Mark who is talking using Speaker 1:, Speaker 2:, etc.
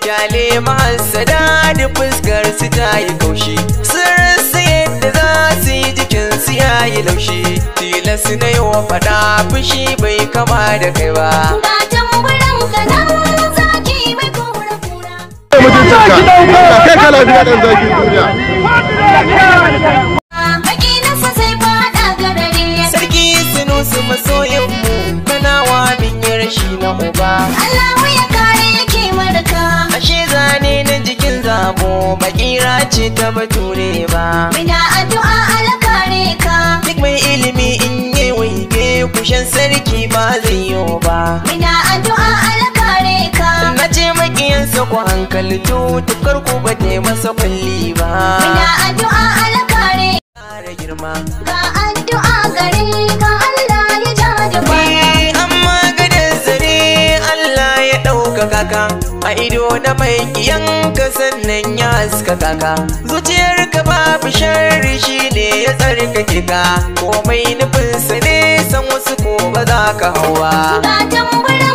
Speaker 1: Kyale mahasada da fuskar su ta yi kaushi sun su yadda za su yi jikin su ya yi laushi Tilas na yi wa faɗa fushi bai kama da kai ba Ga tamburan ka nan zaki mai kura kura Kai ka lafiya ɗan zakin mu kana wa min rashi na uba bakira ce ta bature ba muna addu'a alkare ka duk mai ilimi in yi waige kushen sarki ba zai yo ba muna addu'a alkare ka na ce makiyansa ku hankali to tukar ku ba ta masa kwalli ba muna addu'a alkare ka girma ga addu'a gare ka kaka a ido na mai kiyan ka sannan ya suka kaka zuciyar ka babu sharri shine ya tsarka kika komai nufin ne san wasu ko ba za ka hawa